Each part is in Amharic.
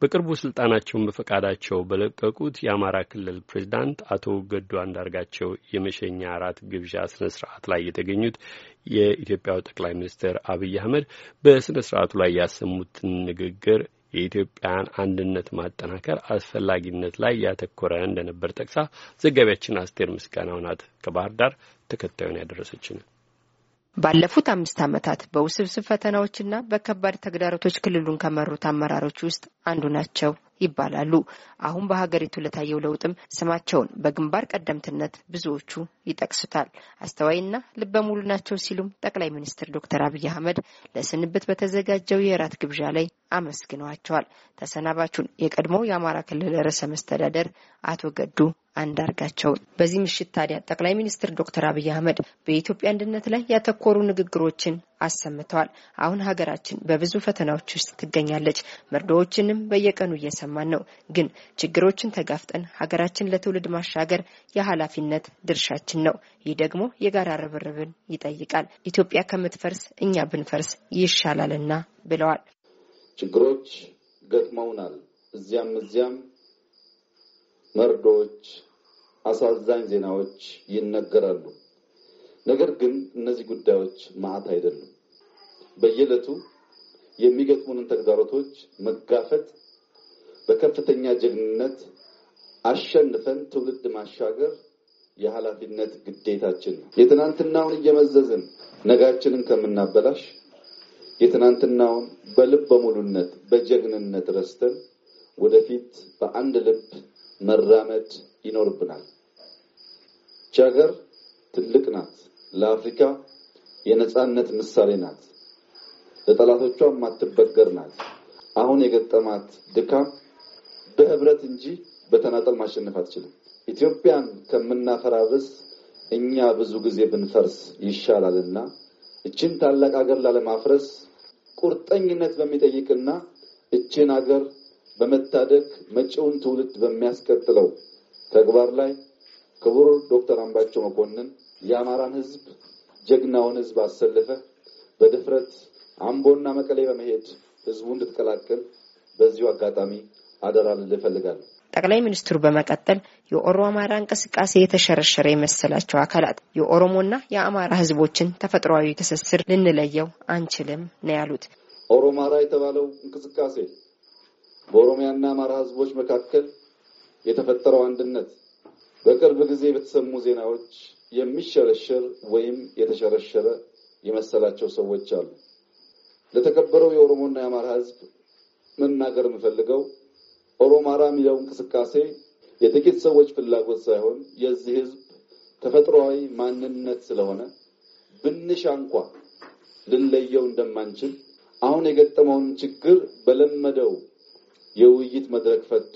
በቅርቡ ስልጣናቸውን በፈቃዳቸው በለቀቁት የአማራ ክልል ፕሬዚዳንት አቶ ገዱ አንዳርጋቸው የመሸኛ አራት ግብዣ ስነ ስርዓት ላይ የተገኙት የኢትዮጵያው ጠቅላይ ሚኒስትር አብይ አህመድ በስነ ስርዓቱ ላይ ያሰሙትን ንግግር የኢትዮጵያን አንድነት ማጠናከር አስፈላጊነት ላይ ያተኮረ እንደነበር ጠቅሳ ዘጋቢያችን አስቴር ምስጋናው ናት ከባህር ዳር ተከታዩን ያደረሰችን። ባለፉት አምስት ዓመታት በውስብስብ ፈተናዎችና በከባድ ተግዳሮቶች ክልሉን ከመሩት አመራሮች ውስጥ አንዱ ናቸው። ይባላሉ። አሁን በሀገሪቱ ለታየው ለውጥም ስማቸውን በግንባር ቀደምትነት ብዙዎቹ ይጠቅሱታል። አስተዋይና ልበሙሉ ናቸው ሲሉም ጠቅላይ ሚኒስትር ዶክተር አብይ አህመድ ለስንብት በተዘጋጀው የእራት ግብዣ ላይ አመስግነዋቸዋል። ተሰናባቹን የቀድሞው የአማራ ክልል ርዕሰ መስተዳደር አቶ ገዱ አንዳርጋቸው በዚህ ምሽት ታዲያ ጠቅላይ ሚኒስትር ዶክተር አብይ አህመድ በኢትዮጵያ አንድነት ላይ ያተኮሩ ንግግሮችን አሰምተዋል። አሁን ሀገራችን በብዙ ፈተናዎች ውስጥ ትገኛለች። መርዶዎችንም በየቀኑ እየሰማን ነው። ግን ችግሮችን ተጋፍጠን ሀገራችን ለትውልድ ማሻገር የኃላፊነት ድርሻችን ነው። ይህ ደግሞ የጋራ ርብርብን ይጠይቃል። ኢትዮጵያ ከምትፈርስ እኛ ብንፈርስ ይሻላልና ብለዋል። ችግሮች ገጥመውናል። እዚያም እዚያም መርዶዎች፣ አሳዛኝ ዜናዎች ይነገራሉ። ነገር ግን እነዚህ ጉዳዮች ማዕት አይደሉም። በየዕለቱ የሚገጥሙንን ተግዳሮቶች መጋፈጥ በከፍተኛ ጀግንነት አሸንፈን ትውልድ ማሻገር የኃላፊነት ግዴታችን ነው። የትናንትናውን እየመዘዝን ነጋችንን ከምናበላሽ የትናንትናውን በልብ በሙሉነት በጀግንነት ረስተን ወደፊት በአንድ ልብ መራመድ ይኖርብናል። ቻገር ትልቅ ናት። ለአፍሪካ የነጻነት ምሳሌ ናት። ለጠላቶቿ ማትበገር ናት። አሁን የገጠማት ድካም በህብረት እንጂ በተናጠል ማሸነፍ አትችልም። ኢትዮጵያን ከምናፈራርስ እኛ ብዙ ጊዜ ብንፈርስ ይሻላልና እችን ታላቅ ሀገር ላለማፍረስ ቁርጠኝነት በሚጠይቅና እችን ሀገር በመታደግ መጪውን ትውልድ በሚያስቀጥለው ተግባር ላይ ክቡር ዶክተር አምባቸው መኮንን የአማራን ህዝብ ጀግናውን ህዝብ አሰልፈ በድፍረት አምቦና መቀሌ በመሄድ ህዝቡ እንድትቀላቀል በዚሁ አጋጣሚ አደራ ልል እፈልጋለሁ። ጠቅላይ ሚኒስትሩ በመቀጠል የኦሮ አማራ እንቅስቃሴ የተሸረሸረ የመሰላቸው አካላት የኦሮሞና የአማራ ህዝቦችን ተፈጥሯዊ ትስስር ልንለየው አንችልም ነው ያሉት። ኦሮ አማራ የተባለው እንቅስቃሴ በኦሮሚያና አማራ ህዝቦች መካከል የተፈጠረው አንድነት በቅርብ ጊዜ በተሰሙ ዜናዎች የሚሸረሸር ወይም የተሸረሸረ የመሰላቸው ሰዎች አሉ። ለተከበረው የኦሮሞና የአማራ ህዝብ መናገር የምፈልገው ኦሮሞ አራ የሚለው እንቅስቃሴ የጥቂት ሰዎች ፍላጎት ሳይሆን የዚህ ህዝብ ተፈጥሯዊ ማንነት ስለሆነ ብንሻ እንኳ ልንለየው እንደማንችል አሁን የገጠመውን ችግር በለመደው የውይይት መድረክ ፈቶ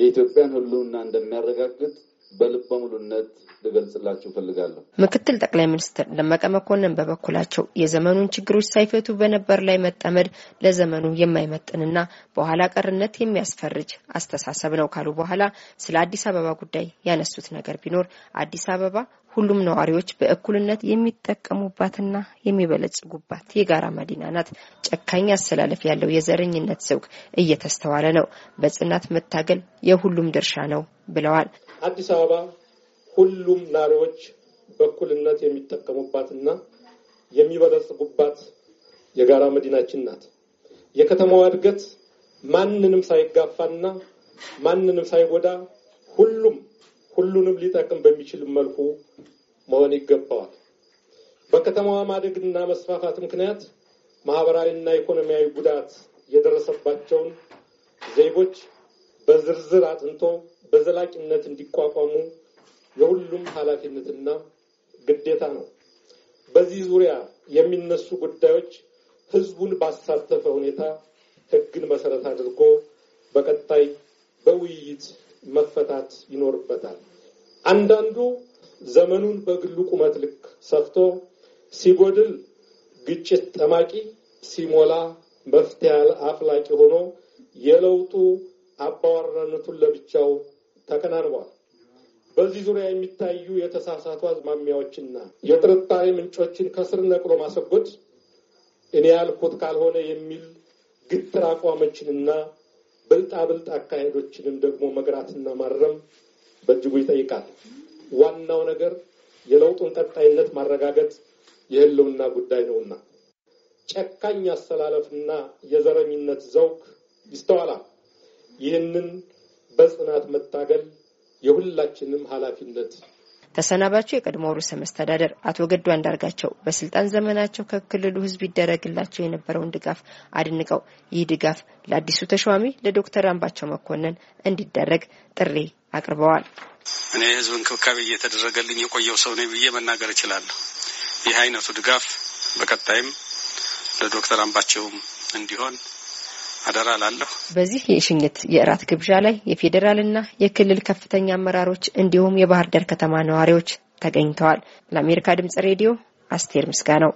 የኢትዮጵያን ህልውና እንደሚያረጋግጥ በልበ ሙሉነት ልገልጽላችሁ ፈልጋለሁ። ምክትል ጠቅላይ ሚኒስትር ደመቀ መኮንን በበኩላቸው የዘመኑን ችግሮች ሳይፈቱ በነበር ላይ መጠመድ ለዘመኑ የማይመጥንና በኋላ ቀርነት የሚያስፈርጅ አስተሳሰብ ነው ካሉ በኋላ ስለ አዲስ አበባ ጉዳይ ያነሱት ነገር ቢኖር አዲስ አበባ ሁሉም ነዋሪዎች በእኩልነት የሚጠቀሙባትና የሚበለጽጉባት የጋራ መዲና ናት። ጨካኝ አሰላለፍ ያለው የዘረኝነት ዘውግ እየተስተዋለ ነው። በጽናት መታገል የሁሉም ድርሻ ነው ብለዋል። አዲስ አበባ ሁሉም ናሪዎች በእኩልነት የሚጠቀሙባትና የሚበለጽጉባት የጋራ መዲናችን ናት። የከተማዋ እድገት ማንንም ሳይጋፋና ማንንም ሳይጎዳ ሁሉም ሁሉንም ሊጠቅም በሚችል መልኩ መሆን ይገባዋል። በከተማዋ ማደግና መስፋፋት ምክንያት ማህበራዊና ኢኮኖሚያዊ ጉዳት የደረሰባቸውን ዜጎች በዝርዝር አጥንቶ በዘላቂነት እንዲቋቋሙ የሁሉም ኃላፊነትና ግዴታ ነው። በዚህ ዙሪያ የሚነሱ ጉዳዮች ህዝቡን ባሳተፈ ሁኔታ ህግን መሰረት አድርጎ በቀጣይ በውይይት መፈታት ይኖርበታል። አንዳንዱ ዘመኑን በግሉ ቁመት ልክ ሰፍቶ ሲጎድል ግጭት ጠማቂ ሲሞላ መፍትያ አፍላቂ ሆኖ የለውጡ አባዋራነቱን ለብቻው ተከናንበዋል። በዚህ ዙሪያ የሚታዩ የተሳሳቱ አዝማሚያዎችና የጥርጣሬ ምንጮችን ከስር ነቅሎ ማሰጎድ እኔ ያልኩት ካልሆነ የሚል ግትር አቋሞችንና ብልጣብልጥ አካሄዶችንም ደግሞ መግራትና ማረም በእጅጉ ይጠይቃል። ዋናው ነገር የለውጡን ቀጣይነት ማረጋገጥ የህልውና ጉዳይ ነውና ጨካኝ አስተላለፍና የዘረኝነት ዘውግ ይስተዋላል። ይህንን በጽናት መታገል የሁላችንም ኃላፊነት ተሰናባቸው የቀድሞ ርዕሰ መስተዳደር አቶ ገዱ አንዳርጋቸው በስልጣን ዘመናቸው ከክልሉ ሕዝብ ይደረግላቸው የነበረውን ድጋፍ አድንቀው ይህ ድጋፍ ለአዲሱ ተሿሚ ለዶክተር አምባቸው መኮንን እንዲደረግ ጥሪ አቅርበዋል። እኔ የሕዝብ እንክብካቤ እየተደረገልኝ የቆየው ሰው ነኝ ብዬ መናገር እችላለሁ። ይህ አይነቱ ድጋፍ በቀጣይም ለዶክተር አምባቸውም እንዲሆን አደራ ላለሁ። በዚህ የሽኝት የእራት ግብዣ ላይ የፌዴራልና የክልል ከፍተኛ አመራሮች እንዲሁም የባህር ዳር ከተማ ነዋሪዎች ተገኝተዋል። ለአሜሪካ ድምጽ ሬዲዮ አስቴር ምስጋናው